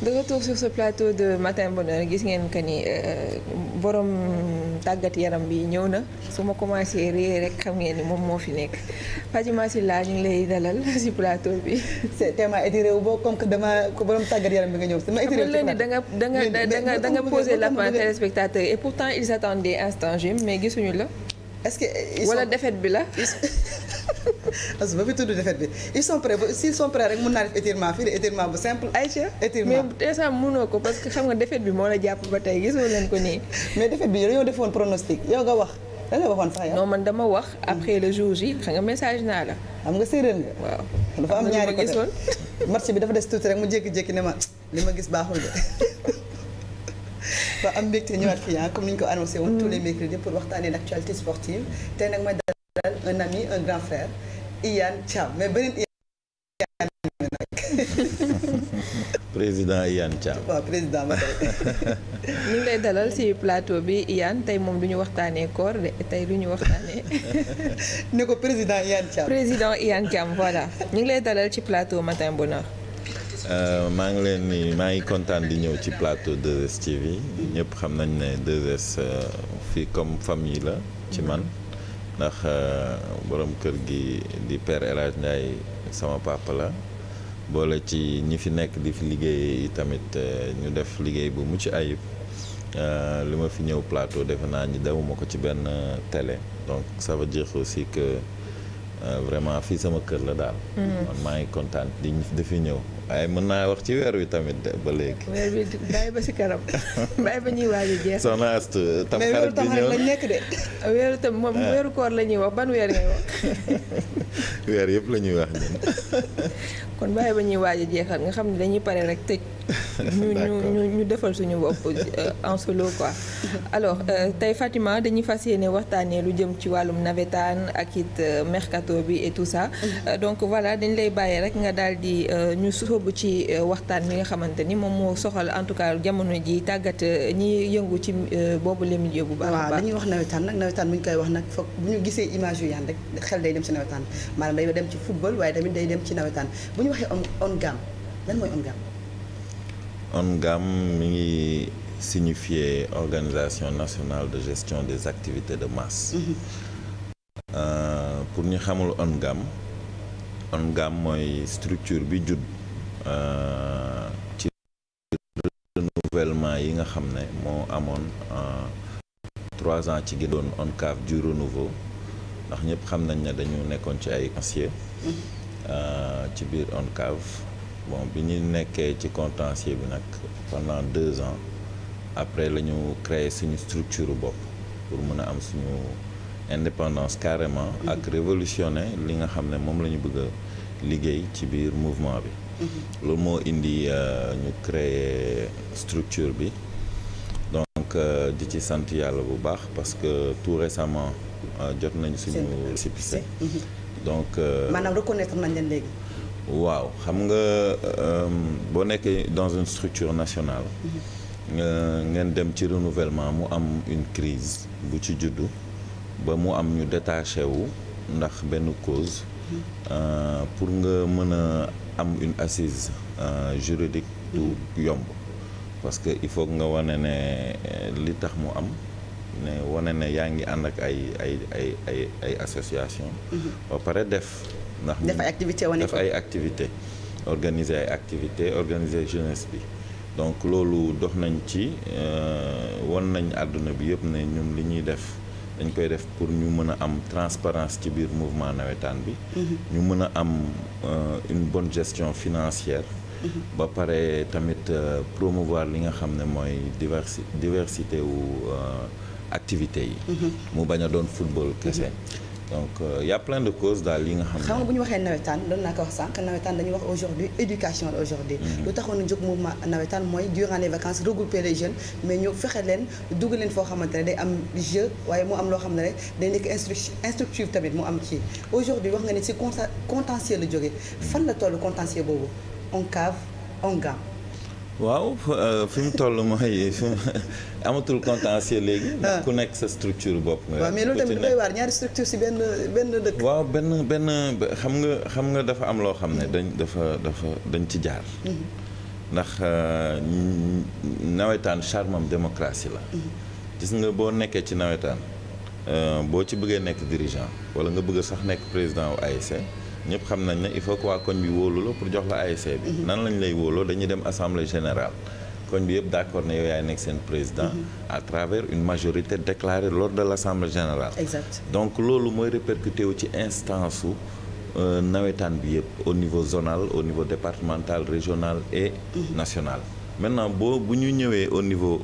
de retour sur ce plateau de matin bonheur gis ngeen que ni euh, borom tàggat yaram bi ñëw na su ma commencé réer rek xam ngeen ni moom moo fi nekk Fadima Sylla ñu ngi lay dalal si plateau bi. c'est tellement étiré wu boobu comme que dama ko tàggat yaram bi nga ñëw. su ma wu ci da nga da nga da nga posé la fin téléspectateur et pourtant ils attendaient instant J mais gisuñu la. est-ce que wala défaite bi la. parce que ba fi tudd défaite bi ils sont prêts s'ils sont prêts rek mun naa def étirement fii de étirement bu simple ay ci étirement mais instant mënoo ko parce que xam nga défaite bi moo la jàpp ba tey gisoo leen ko nii. mais défaite bi dañoo defoon pronostic yow nga wax. lan waxoon sax non man dama wax après le jour ji xam nga message naa la. am nga séeréer nga. waaw dafa am ñaari côté bi dafa des tuuti rek mu jékki-jékki ne ma li ma gis baaxul de. ba am mbégte ah, comme ni ko annoncé woon. tous les mm. mercredis pour waxtaanee l'actualité sportive tey nag ma dalal un Iyane Thiam mais beneen Iyane nag. président Iyane Thiam. waaw ma ñu ngi dalal ci plateau bi Iyane tey moom du ñu waxtaanee koor de tey du ñu waxtaanee. ne ko président Iyane Thiam. président Iyane Thiam voilà ñu ngi lay dalal ci plateau matin bonheur. Euh, maa ngi leen ni maa ngi kontaan di ñëw ci plateau 2S TV ñëpp xam nañ ne 2S euh, fii comme famille la ci man. ndax euh, borom kër gi di père El Hadj sama papa la boole ci ñi fi nekk di fi liggéey tamit euh, ñu def liggéey bu mucc ayib euh, li ma fi ñëw plateau defe naa ñi dawuma ko ci benn télé donc ça veut dire aussi que Euh, vraiment fii sama kër la daal. Hmm. man maa ngi kontaan di dafi ñëw. waaye mën naa wax ci weer wi tamit ba léegi. weer bi bàyyi ba si kanam bàyyi ba ñuy waaj a jeex. soxna tam xarit bi ñëw lañ nekk de. weeru tam ah. weeru koor la wax ban weer yëpp lañuy ñuy wax ñun. kon bàyyi ba ñuy waaj a jeexal nga xam ne dañuy pare rek tëj. ñu ñu ñu defal suñu bopp euh, en solo quoi. alors euh, tey Fatima dañuy fas yéene waxtaanee lu jëm ci wàllum nawetaan ak it euh, mercato bi et tout sa donc voilà dañ lay bàyyi rek nga daal di ñu sóobu ci waxtaan mi nga xamante ni moom moo soxal en tout cas jamono ji tàggat ñi yëngu ci boobu le milieu bu baax a baax. dañuy wax nawetaan nag nawetaan bu ñu koy wax nag foog bu ñu gisee image yu yaan rek xel day dem ci nawetaan maanaam day dem ci football waaye tamit day dem ci nawetaan bu ñu waxee on on gam lan mooy on ONGAM mi ngi signifier organisation nationale de gestion des activités de masse. Mm pour ñu xamul ONGAM ONGAM mooy structure bi judd euh, ci renouvellement yi nga xam ne moo amoon euh, trois ans ci gidoon ONCAV du renouveau ndax ñëpp xam nañ ne dañu nekkoon ci ay conseillers. Mhm. ci biir ONCAV bon bi ñu nekkee ci contentieux bi nag pendant deux ans après la ñu créer suñu structure bopp pour mën a am suñu indépendance carrément mhm. ak révolutionner li nga xam ne moom la ñu bëgg liggéey ci biir mouvement bi mhm. loolu moo indi euh, ñu créer structure bi donc euh, di ci sant yàlla bu baax parce que tout récemment euh, jot nañu suñu récépissé mhm. donc maanaam reconnaître nañ waaw xam nga euh, boo nekkee dans une structure nationale. Mhm. Euh, ngeen dem ci renouvellement mu am une crise bu ci juddu ba mu am ñu détaché wu ndax benn cause. Mhm. Euh, pour nga mën a am une assise juridique du mhm. yomb. parce que il faut nga wane ne li tax mu am ne wane ne yaa ngi ànd ak ay ay ay ay ay association. ba def. ndax def ay activité wane def ay activité organiser ay activité organiser jeunesse bi donc loolu dox nañ ci euh, won nañ àdduna bi yëpp ne ñoom li ñuy def dañ koy def pour ñu mën a am transparence ci biir mouvement nawetaan bi mhm. ñu mën a am euh, une bonne gestion financière mhm. ba pare tamit euh, promouvoir li nga xam ne mooy diversi diversité wu activité yi mhm. mu bañ a doon football kese donc euh, y' a plein de causes daal yi nga xam ne. xam nga bu ñu waxee nawetaan doon naa ko wax sànq nawetaan dañuy wax aujourd'hui éducation la aujourd'hui mhm. lu taxoon jóg mouvement nawetaan mooy durant les vacances regrouper les jeunes mais ñu fexe leen dugg leen foo xamante ne day am jeu waaye mu am loo xam ne rek day nekk instruction instructive tamit mu am ci aujourd'hui wax nga ne si contentieux la jógee mhm. fan la toll contentieux boobu on cave on waaw euh, fi mu toll mooy amatul contentieux léegi. ndax ah. ku nekk sa structure bopp. nga waaw mais loolu tamit dafay ñaari structure si benn benn dëkk. waaw benn benn xam nga xam nga dafa am loo xam ne mm-hmm. dañ dafa dafa dañ ci jaar. Mm-hmm. ndax euh, nawetaan charme am démocratie la. Mm-hmm. gis nga boo nekkee ci nawetaan euh, boo ci bëggee nekk dirigeant wala nga bëgg sax nekk président wu ASC. E, ñëpp xam nañ ne il faut que waa koñ bi wóolu la pour jox la ASC bi. Mhm. nan lañ lay wóoloo dañuy dem assemblée générale. koñ bi yëpp d'accord ne yow yaay nekk seen président. Mhm. à travers une majorité déclarée lors de l'assemblée générale. exact donc loolu mooy répercuté wu ci instance su euh, nawetaan bi yëpp au niveau zonal au niveau départemental régional et mhm. national. maintenant boo bu ñu ñëwee au niveau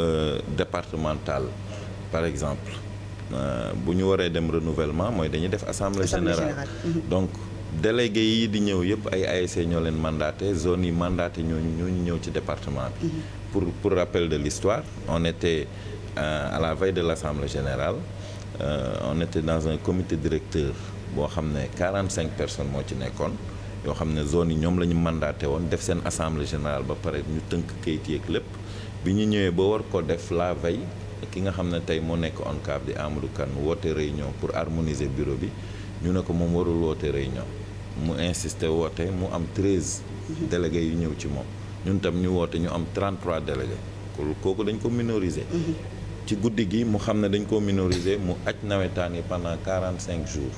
euh, départemental par exemple euh, bu ñu waree dem renouvellement mooy dañuy def assemblée général donc. délégué yi di ñëw yëpp ay ASC ñoo leen mandaté zone yi mandaté ñooñu ñooñu ñëw ci département bi mm-hmm. pour pour rappel de l'histoire on était euh, à la veille de l'assemblée générale euh, on était dans un comité directeur boo xam ne 45 personnes moo ci nekkoon yoo xam ne zone yi ñoom la ñu mandaté woon def seen assemble générale ba pare ñu tënk kayit yeeg lépp bi ñu ñëwee boo war ko def la veille ki nga xam ne tey moo nekk ONCAV di Amadou Kane woote réunion pour harmoniser bureau bi ñu ne ko moom warul woote réunion mu insister woote mu am treize délégués yu ñëw ci moom ñun tam ñu woote ñu am trente-trois délégués kooku dañ ko minoriser ci guddi gi mu xam ne dañ ko minoriser mu aj nawetaan yi pendant cinq jours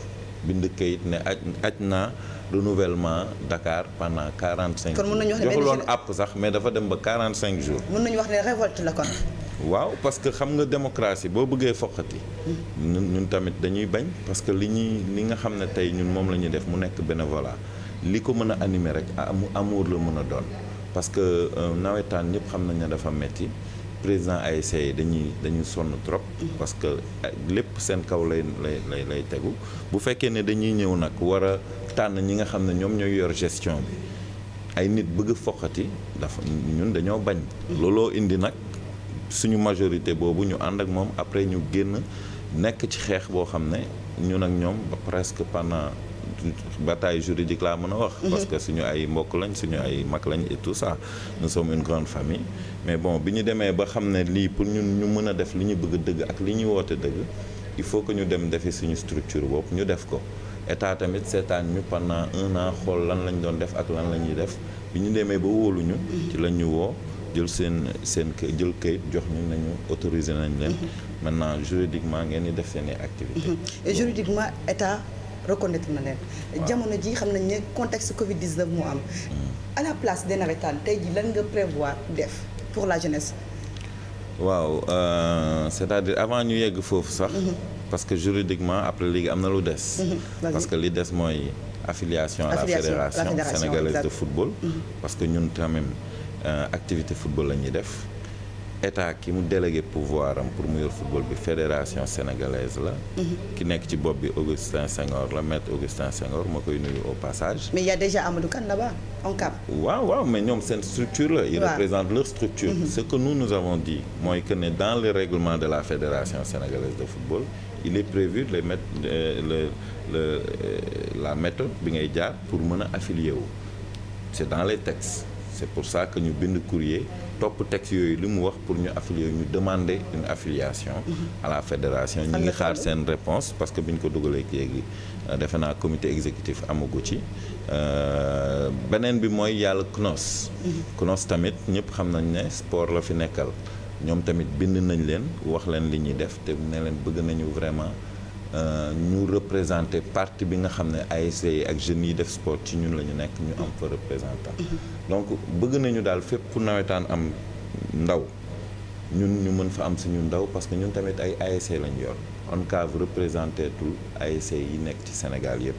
bind kayit ne aj aj naa renouvellement Dakar pendant quarante-cinq jours joxuloon àpp sax mais dafa dem ba quarante-cinq jours mën nañu wax ne révolte la kon waaw parce que xam nga démocratie boo bëggee foqati. ñun ñun tamit dañuy bañ parce que li ñuy li nga xam ne tey ñun moom la ñuy def mu nekk bénévolat li ko mën a animer rek am amour la mën a doon parce que euh, nawetaan ñëpp xam nañ ne dafa metti président ay yi dañuy dañuy sonn trop parce que lépp seen kaw lay lay lay tegu bu fekkee ne dañuy ñëw nag war a tànn ñi nga xam ne ñoom ñooy yor gestion bi ay nit bëgg foqati dafa ñun dañoo bañ looloo indi nag suñu majorité boobu ñu ànd ak moom après ñu génn nekk ci xeex boo xam ne ñun ak ñoom ba presque pendant bataille juridique laa mën a wax mhm. parce que suñu ay mbokk lañ suñu ay mag lañ et tout ça nous sommes une grande famille mais bon bi ñu demee ba xam ne lii pour ñun ñu mën a def li ñu bëgg dëgg ak li ñuy woote dëgg il faut que ñu dem defi suñu structure bopp ñu def ko état tamit seetaan ñu pendant un an xool lan lañ doon def ak lan la ñuy def bi ñu demee ba wóoluñu mhm. ci lañ ñu woo jël seen seen jël kayit jox ñu nañu autorisé nañ leen. Mm-hmm. maintenant juridiquement ngeen di def seen i activités. Mm-hmm. et juridiquement état reconnaître na leen. jamono ji xam nañ ne contexte Covid 19 moo am. Mm. à la place des navétanes tey ji lan nga prévoir def pour la jeunesse. waaw euh, c'est-à-dire avant ñu yegg foofu sax. Mm-hmm. parce que juridiquement après léegi am na lu des. parce que li des mooy affiliation. a la fédération sénégalaise de football. parce que ñun quand Euh, activité football la ñuy def état ki mu délégué pouvoir am pour mu yor football bi fédération sénégalaise la. Mhm. ki nekk ci bopp bi Augustin Senghor la maître Augustin Senghor ma koy nuyu a déjà Amadou Kane là-bas en cap. waaw waaw mhm. mooy que ne dans le règlement de la fédération sénégalaise de football il est prévu de les euh, euh, bi ngay jaar pour mën a affilier wu dans les textes. c' pour ça ñu bind courrier topp texte yooyu li mu wax pour ñu affilier ñu demander une affiliation mm-hmm. à la fédération ñu ngi xaar seen réponse parce que bi ñu ko dugalee léegi euh, defe naa comité exécutif amagu ci euh, beneen bi mooy yàlla CNOS mm-hmm. CNOS tamit ñëpp xam nañ ne sport la fi nekkal ñoom tamit bind nañ leen wax leen li ñuy def te ne leen bëgg nañu vraiment Euh, ñu représenté parti bi nga xam ne ASC yi ak jeunes yi def sport ci ñun la ñu nekk ñu am fa représentant donc bëgg nañu daal fépp fu nawetaan am ndaw ñun ñu mën fa am suñu ndaw parce que ñun tamit ay ASC lañu yor ONCAV représenté tout ASC yi nekk ci Sénégal yépp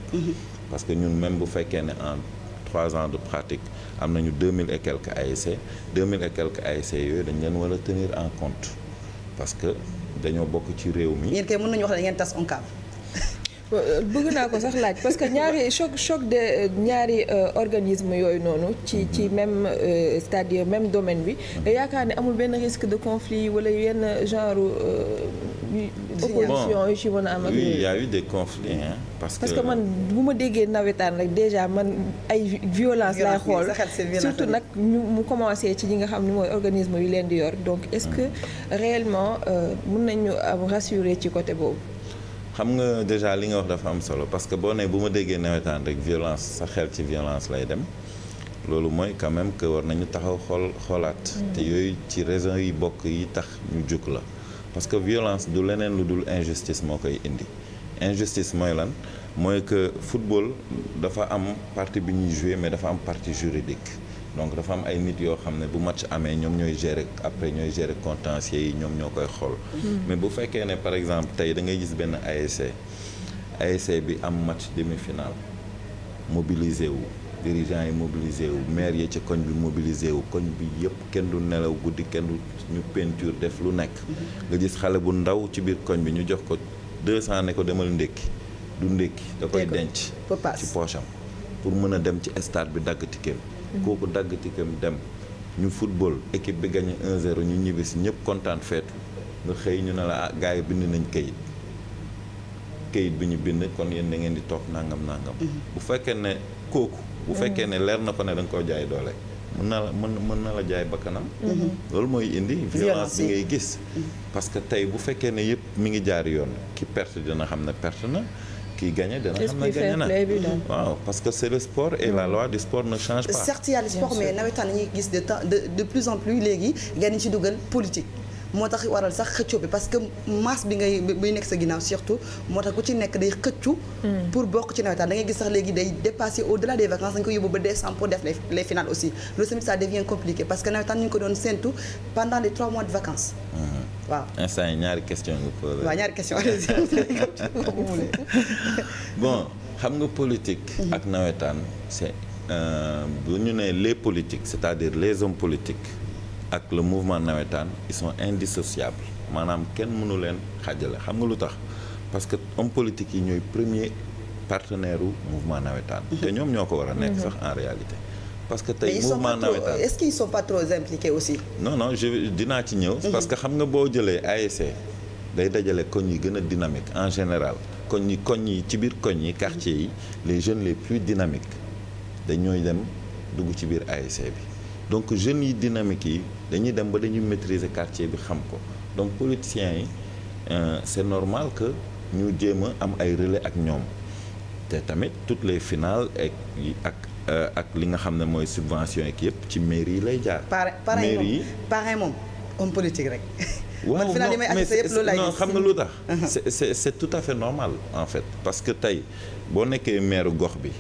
parce que ñun même bu fekkee ne en trois ans de pratique am nañu deux mille et quelques ASC deux mille et quelques ASC yooyu dañ leen war a tenir en compte parce que dañoo bokk ci réew mi. yéen kay mën nañu wax ne ngeen tas ONCAV. bëgg naa ko sax laaj parce que ñaari choc choc de ñaari euh, organisme yooyu noonu. ci mhm. ci même cest euh, à même domaine bi. Mhm. yaakaar ni amul benn risque de conflit wala yenn genre. Euh, opposition yu ci mën a am a des conflits parce, que man bu ma déggee nawetaan rek déjà man ay violence laay xool surtout nag ñu mu commencé ci ñi nga xam ne mooy organisme yu leen di yor donc est-ce que hmm. réellement euh, mën nañu am rassurer ci côté boobu xam nga déjà li nga wax dafa am solo parce que boo ne bu ma déggee nawetaan rek violence sa xel ci violence lay dem loolu mooy quand même que war nañu taxaw xool xoolaat hmm. te yooyu ci raison yi bokk yi tax ñu jóg la parce que violence du leneen lu dul injustice moo koy indi injustice mooy lan mooy que football dafa am partie bi ñuy jouer mais dafa am partie juridique donc dafa am ay nit yoo xam ne bu match amee ñoom ñooy gérer après ñooy gérer contentieux yi ñoom ñoo koy xool. Mm-hmm. mais bu fekkee ne par exemple tey da ngay gis benn ASC ASC bi am match demi-finale mobilisé wu. dirigeants yi mobilisé wu maire yi ci koñ bi mobilisé wu koñ bi yëpp kenn du nelaw guddi kenn du ñu peinture def lu nekk nga gis xale bu ndaw ci biir koñ bi ñu jox ko 200 ne ko demal ndékki du ndékki da koy denc ci poosam pour mën a dem ci stade bi dagg tikkeem mhm. kooku dagg tikkeem dem ñu football équipe bi gagné 1 ñu ñibbisi ñëpp kontaan feetu nga xëy ñu ne la ah gars yi bind nañ kayit kayit bi ñu bind kon yéen da ngeen di toog nangam nangam mhm. bu fekkee ne kooku bu fekkee ne leer na ko ne da nga koo jaay doole mën na la mën mën na la jaay bakkanam mhm. loolu mooy indi violence bi ngay gis mhm. parce que tey bu fekkee ne yëpp mu ngi jaar yoon ki perte dina xam ne perte na kii gagné dina xam ne gagné na waaw parce c'est le sport et la mhm. loi du sport ne change pas certes a le sport mais nawetaan dañuy gis de temps de de plus en plus léegi gaa yi ci dugal politique moo tax waral sax xëccoo bi parce que masse bi ngay bay nekk sa ginnaaw surtout moo tax ku ci nekk day xëccu hmm. pour bokk ci nawetaan da ngay gis sax léegi day dépasser au delà des vacances dañ ko yóbbu ba décembre pour def les finales aussi loolu tamit ça devient compliqué parce que nawetaan ñu ngi ko doon séntu pendant les trois mois de vacances hmm. waaw instant yi ñaari question nga posé waaw ñaari question bon xam nga politique hmm. ak nawetaan c'est euh, bu ñu nee les politiques ak le mouvement nawetaan ils sont indissociables maanaam kenn mënu leen xaajale xam nga lu tax parce que homme politique yi ñooy premier partenaire u mouvement nawetaan mhm. te ñoom ñoo ko war a nekk mhm. sax en réalité parce que tey mouvement nawetaan est-ce qu'ils sont pas trop impliqués dinaa ci ñëw mhm. parce que xam nga boo jëlee ASC day dajale koñ yi gën a dynamique en général koñ yi koñ yi ci biir koñ yi quartier yi les jeunes les plus dynamiques dañooy dem dugg ci biir ASC bi donc jeunes yi dynamique yi dañuy dem ba dañuy maîtriser quartier bi xam ko donc politiciens yi euh, c'est normal que ñu jéem a am ay relais ak ñoom te tamit toutes les finales ak ak euh, ak li nga xam ne mooy subvention ak yëpp ci mairie yi lay jaar. mairie yi pare moom homme politique rek. waaw non mais non xam nga lu tax. Uh-huh. c'est c'est c'est tout à fait normal en fait parce que tey boo nekkee maire gox bi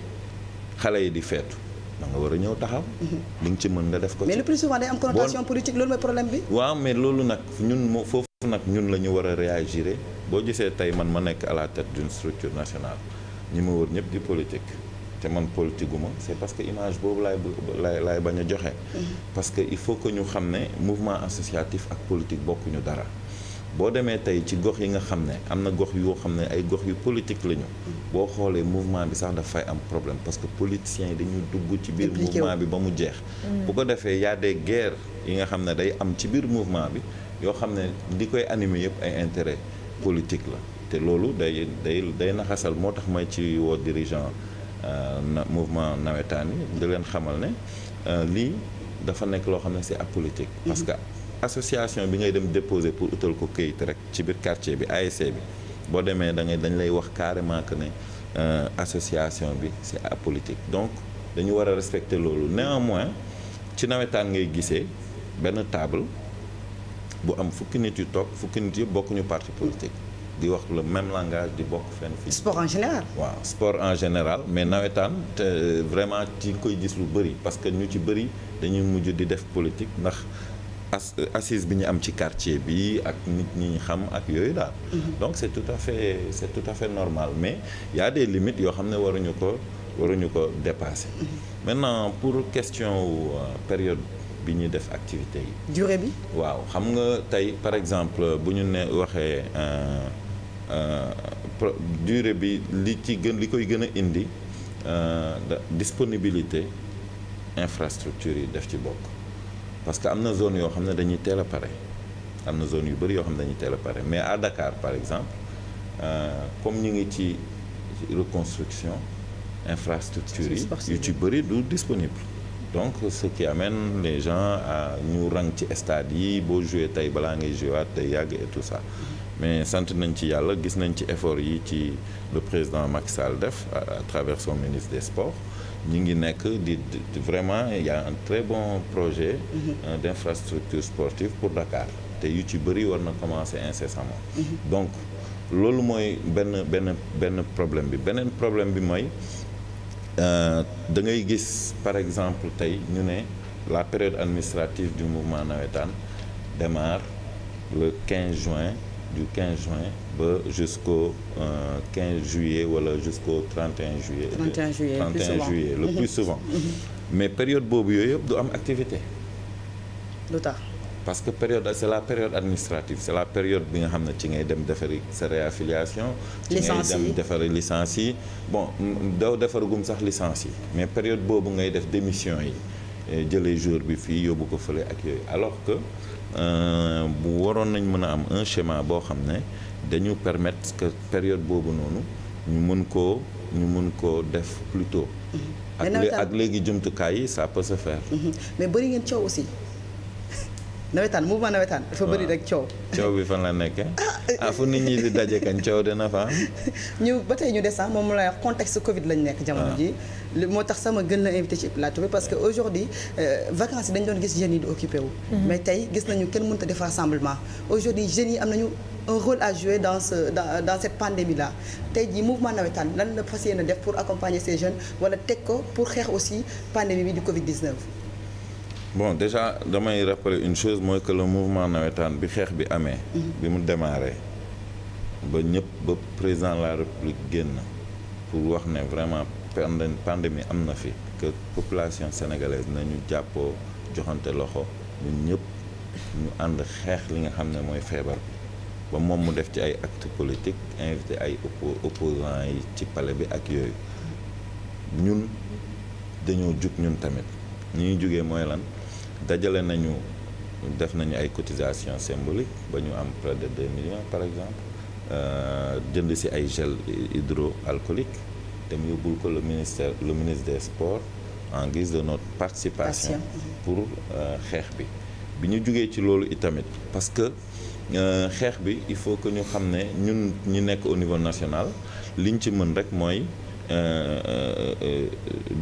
xale yi di feetu. da nga war a ñëw taxaw. Mhm. li ci mën nga def ko. mais le plus souvent day am connotation politique loolu mooy problème bi. waaw mais loolu nag ñun moo foofu nag ñun la ñu war a réagir boo gisee tey man ma nekk à la tête d'une structure nationale ñi ma wër ñëpp di politique. te man politique gu ma c'est parce que image boobu laay laay laay bañ a joxe. Mhm. parce que il faut que ñu xam ne mouvement associatif ak politique bokkuñu dara. boo demee tey ci gox yi nga xam ne am na gox yoo xam ne ay gox yu politique la ñu boo xoolee mouvement bi sax dafay am problème parce que politiciens yi dañuy dugg ci biir mouvement bi ba mu jeex mm. bu ko defee y a des yi nga xam ne day am ci biir mouvement bi yoo xam ne di koy animé yëpp ay intérêt politique la te loolu day day day naxasal moo tax may ci woo dirigeant euh, mouvement nawetaan yi di leen xamal ne euh, lii dafa nekk loo xam ne c'est ak parce mm-hmm. que association bi ngay dem déposer pour utal ko këyit rek ci biir quartier bi ASC bi boo demee da ngay dañ lay wax carrément que ne euh, association bi c'est apolitique donc dañu war a respecter loolu néanmoins ci nawetaan ngay gisee benn table bu am fukki nit yu toog fukki nit yëpp bokkuñu parti politique di wax le même langage di bokk fenn fii. sport en général. waaw sport en général mais nawetaan te euh, vraiment ci koy gis lu bëri parce que ñu ci bëri dañuy mujj di def politique ndax. as assise bi ñu am ci quartier bi ak nit ñi xam ak yooyu daal. Mhm. donc c' tout à fait c' est tout normal mais y a des limites yoo xam ne waruñu ko waruñu ko dépasser. Mhm. maintenant pour question wu euh, période bi ñuy def activité yi. durée bi. waaw xam nga tey par exemple bu ñu ne waxee euh, euh, durée bi li ci gën li koy gën a indi disponibilité infrastructure yi def ci bokk. parce que am na zone yoo xam ne dañuy teel a pare am na zone yu bëri yoo xam ne dañuy teel a pare mais à Dakar par exemple euh, comme ñu ngi ci reconstruction infrastructure yi yu ci bëri du disponible donc ce qui amène les gens à ñu rang ci stade yi boo joué tey balaa ngay jouaat tey yàgg et tout ça mais sant nañ ci yàlla gis nañ ci effort yi ci le président Macky Sall def à travers son ministre des sports ñu ngi nekk di vraiment il y un très bon projet mhm. euh, d' infrastructure sportive pour Dakar te yu ci bëri war na commencer incessamment mhm. donc loolu mooy benn benn benn problème bi beneen problème bi mooy euh, da ngay gis par exemple tey ñu ne la période administrative du mouvement nawetaan démarre le 15 juin du 15 juin ba jusqu'au euh, 15 juillet wala jusqu'au 31 juillet 31 juillet 31 le plus souvent mhm. mais période boobu yooyu yëpp du am activité lu tax parce que période c'est la période administrative c'est la période bi nga xam ne ci ngay dem defari sa réaffiliation ci ngay dem defari licence yi bon daw defaragum sax licence yi mais période boobu ngay def démission yi jëlee jour bi fii yóbbu ko fële ak yooyu alors que Euh, bu waroon nañ mën a am un schéma boo xam ne dañu permettre que période boobu noonu ñu mën koo ñu mën koo def plus tôt. Mhm. ak léegi jumtukaay yi ça peut se faire. Mhm. mais bëri ngeen coow aussi. nawetaan mouvement nawetaan. dafa bëri rek coow. coow bi fan la nekkee. ah, ah fu nit ñi di daje kañ coow dina fa ñu ba tey ñu des moom la contexte Covid lañ nekk. jamono ah. ji moo tax sama gën la invité ci plateau bi parce que aujourd'hui euh, vacances yi dañ doon gis jeunes yi di occupé wu. Mhm. mais tey gis nañu kenn mënut a def rassemblement aujourd'hui jeunes yi am nañu. un rôle à jouer dans ce dans dans cette pandémie là tey jii mouvement nawetaan lan la fas yéene def pour accompagner ces jeunes wala teg ko pour xeex aussi pandémie bi du Covid 19. bon déjà damay rappeler une chose mooy que le mouvement nawetaan bi xeex bi amee. Mhm. bi mu démarré ba ñëpp ba président la république génn pour wax ne vraiment pandémie am na fi que population sénégalaise nañu jàppoo joxante loxo ñun ñëpp ñu ànd xeex li nga xam ne mooy feebar bi ba moom mu def ci ay acte politique invité ay opposants yi ci pale bi ak yooyu mhm. ñun dañoo jug ñun tamit ñu ñu jugee mooy lan. dajale nañu def nañu ay cotisation symbolique ba ñu am près de 2 millions par exemple euh, jënd ci ay gel hydroalcoolique te mu yóbbul ko le ministère le ministre des sports en guise de notre participation mm-hmm. pour euh, xeex bi bi ñu jógee ci loolu itamit parce que euh, xeex bi il faut que ñu xam ne ñun ñi nekk au niveau national li liñ ci mën rek mooy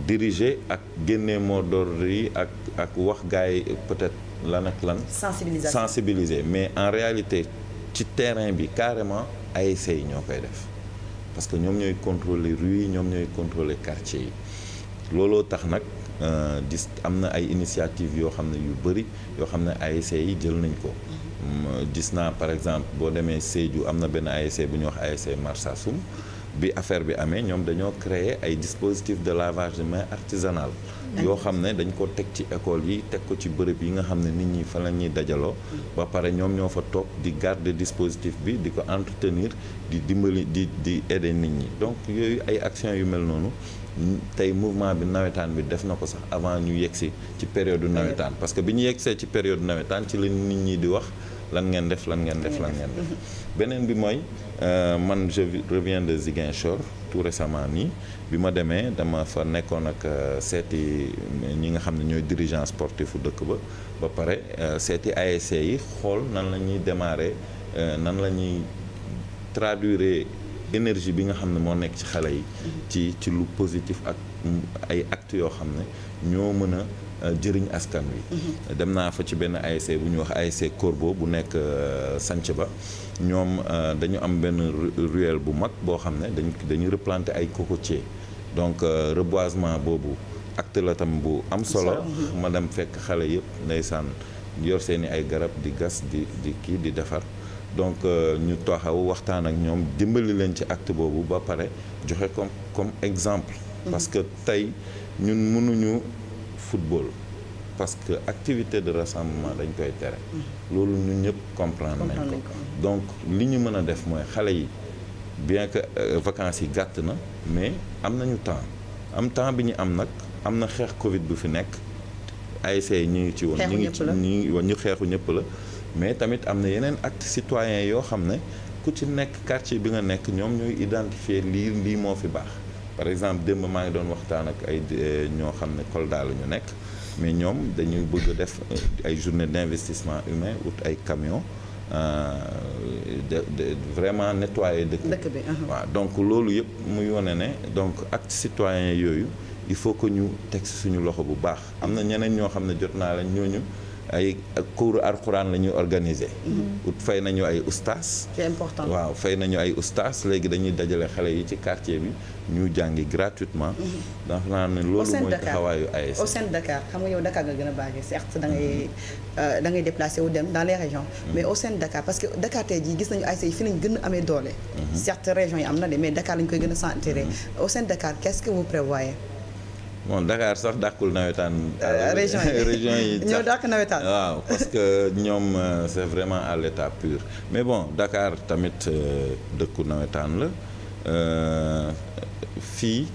diriger ak génne mot d'ordre yi ak ak wax gaay peut-être lan ak lan. sensibiliser sensibiliser mais en réalité ci terrain bi carrément ASC yi ñoo koy def parce que ñoom ñooy contrôler rue yi ñoom ñooy contrôler quartier yi looloo tax nag euh, di am na ay initiative yoo xam ne yu bëri yoo xam ne ASC yi jël nañ ko. Mm-hmm. Mm, gis naa par exemple boo demee Sédhiou am na benn ASC bu ñuy wax ASC Marsassoum bi affaire bi amee ñoom dañoo créer ay dispositifs de lavage de mains artisanal yoo xam ne dañ ko teg ci école yi teg ko ci bërëb yi nga xam ne nit ñi fa la ñuy dajaloo ba pare ñoom ñoo fa toog di garder dispositif bi di ko entretenir di dimbali di di aider nit ñi donc yooyu ay actions yu mel noonu tey mouvement bi nawetaan bi def na ko sax avant ñu yegsi ci période nawetaan parce que bi ñu yegsee ci période nawetaan ci la nit ñi di wax lan ngeen def lan ngeen def lan mm-hmm. beneen bi mooy Euh, man je reviens de Ziguinchor tout récemment nii bi ma demee dama fa nekkoon ak euh, seeti ñi nga xam ne ñooy dirigeant sportif u dëkk ba ba pare euh, seeti ASC yi xool nan la ñuy démarrer nan la ñuy traduire énergie bi nga xam ne moo nekk ci xale yi ci ci lu positif ak ay actes yoo xam ne ñoo mën a jëriñ askan wi. Mhm. dem naa fa ci benn ASC bu ñuy wax ASC Corbeau bu nekk euh, sanc ba ñoom euh, dañu am benn ruelle bu mag boo xam ne dañu dañu replanter ay cocotier donc euh, reboisement boobu acte la tam bu am solo. Mhm. ma dem fekk xale yëpp ndeysaan yor seeni ay garab di gas di di kii di defar. donc ñu taxaw waxtaan ak ñoom dimbali leen ci act boobu ba pare joxe comme comme exemple. Mhm. parce tey ñun mënuñu football parce que activité de rassemblement dañ koy tere mm-hmm. loolu ñun ñëpp comprendre nañ ko donc li ñu mën a def mooy xale yi bien que euh, vacances yi gàtt na mais am nañu temps am temps bi ñu am nag am na xeex covid bu fi nekk ASC ñu ngi ci woon ñu ngi ñu ngi ñu xeexu ñëpp la mais tamit am na yeneen acte citoyen yoo xam ne ku ci nekk quartier bi nga nekk ñoom ñooy identifier lii lii moo fi baax par exemple démb maa ngi doon waxtaan ak ay eh, ñoo xam ne Kolda la ñu nekk mais ñoom dañuy bëgg def eh, ay journée d'investissement humain wut ay camion euh, de de vraiment nettoyer dëkk bi uh-huh. waaw donc loolu yëpp muy wane ne donc ak acte citoyen yooyu il faut que ñu teg suñu loxo bu baax am na ñeneen ñoo xam ne jot naa la ñooñu ay cours alxuraan la ñuy organiser. Mm-hmm. ut nañu ay ustaas. c'est important waaw fay nañu ay ustaas léegi dañuy dajale xale yi ci quartier bi ñu jàngi gratuitement. Mm-hmm. ndax naa ne loolu mooy taxawaayu ASC. au sein e. xam nga yow Dakar nga gën a baaxee certes da ngay mm-hmm. euh, da ngay déplacé wu dem dans les régions. mais au sein de Dakar parce que Dakar tey jii gis nañu ASC e yi fi lañ gën a amee doole. certes régions yi am na de mais Dakar lañ koy gën a sentir. au sein de Dakar qu'est-ce que vous prévoyez. bon Dakar sax dàqul nawetaan. Euh, région yi yi ñoo dàq nawetaan. waaw parce que ñoom euh, c'est vraiment à l'état pur mais bon dakaar tamit euh, dëkku nawetaan la fii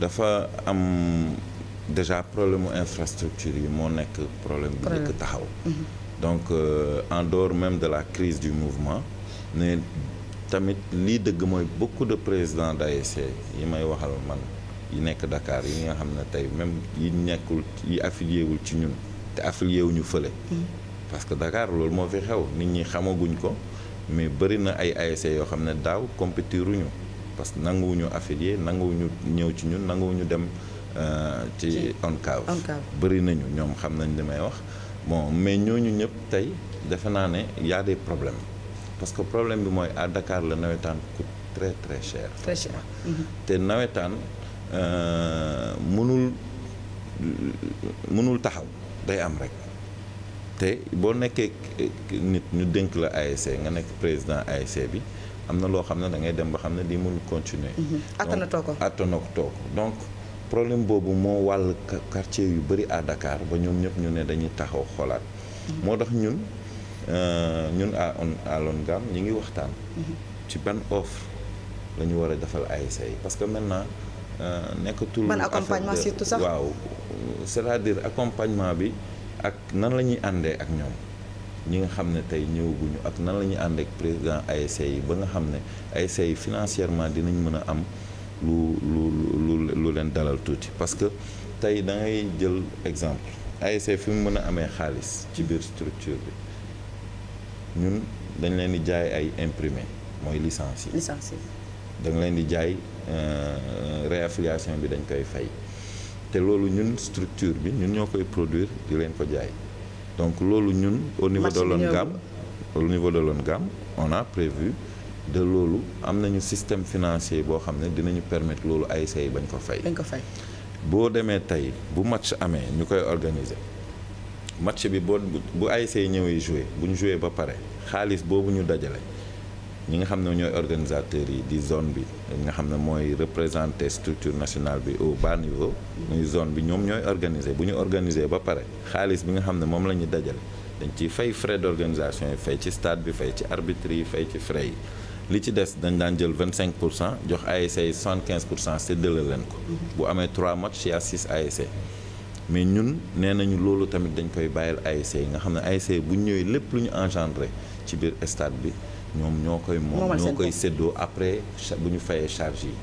dafa am déjà problème mu infrastructure yi moo nekk problème bi njëkk taxaw. Mhm. donc en dehors même de la crise du mouvement ne tamit lii dëgg mooy beaucoup de président d'ASC yi may waxal man. yi nekk Dakar yi nga xam ne tey même yi nekkul yi affilié wul ci ñun te affilié wuñu fële mm. parce que Dakar loolu moo fi xew nit ñi xamaguñ ko mais bëri na ay ASC yoo xam ne daaw compétiruñu parce que nanguwuñu affilié nanguwuñu ñëw ci ñun nanguwuñu dem euh, ci ONCAV bëri nañu ñoom xam nañ li may wax bon mais ñooñu ñëpp tey defe naa ne y a des problèmes parce que problème bi mooy à Dakar la nawetaan coûte très très cher. très cher mm-hmm. te nawetaan Euh, mënul mënul taxaw day am rek te boo nekkee nit ñu dénk la ASC nga nekk président ASC bi am na loo xam ne da ngay dem ba xam ne di mënul continuer attanatoo mhm. ko attanatoo ko donc problème boobu moo wàll quartier yu bëri à Dakar ba ñoom ñëpp ñu ne dañuy taxaw xoolaat mhm. moo tax ñun euh, ñun à à l'ONGAM ñi ngi waxtaan mhm. ci ban offre lañu ñu war a defal ASC yi parce que maintenant Euh, nekkatul. man accompagnement surtout sax waaw c'est-à-dire accompagnement bi ak nan la ñuy àndee ak ñoom ñi nga xam ne tey ñëwaguñu ak nan la ñuy àndee ak président ASC yi ba nga xam ne ASC yi financièrement dinañ mën a am lu lu lu lu leen dalal tuuti parce que tey da ngay jël exemple ASC fi mu mën a amee xaalis ci biir structure bi ñun dañ leen di jaay ay imprime mooy licence yi. licence da nga leen di jaay. Euh, réaffiliation bi dañ koy fay te loolu ñun structure bi ñun ñoo koy produire di leen ko jaay donc loolu ñun au niveau de l'ONGAM au niveau de l'ONGAM on a prévu de loolu am nañu système financier boo xam ne dinañu permettre loolu ay yi bañ ko fay bañ ko fay boo demee tey bu match amee ñu koy organiser match bi boo bu ay yi ñëwee jouer bu ñu jouer ba pare xaalis boobu ñu dajale ñi nga xam ne ñooy organisateurs yi di zone bi nga xam ne mooy représenter structure nationale bi au bas muy zone bi ñoom ñooy organiser bu ñu organiser ba pare xaalis bi nga xam ne moom la ñu dajale dañ ciy fay frais d'organisation yi fay ci stade bi fay ci arbitre yi fay ci frais yi li ci des dañ daan jël vingt cinq pour cent jox ASC yi soixante quinze pour cent séddale leen ko bu amee trois matchs y a six mais ñun nee nañu loolu tamit dañ koy bàyyil ASC yi nga xam ne ASC yi bu ñëwee lépp lu ñu engendré ci biir stade bi ñoom ñoo koy moom ñoo koy séddoo après bu ñu fayee charge yi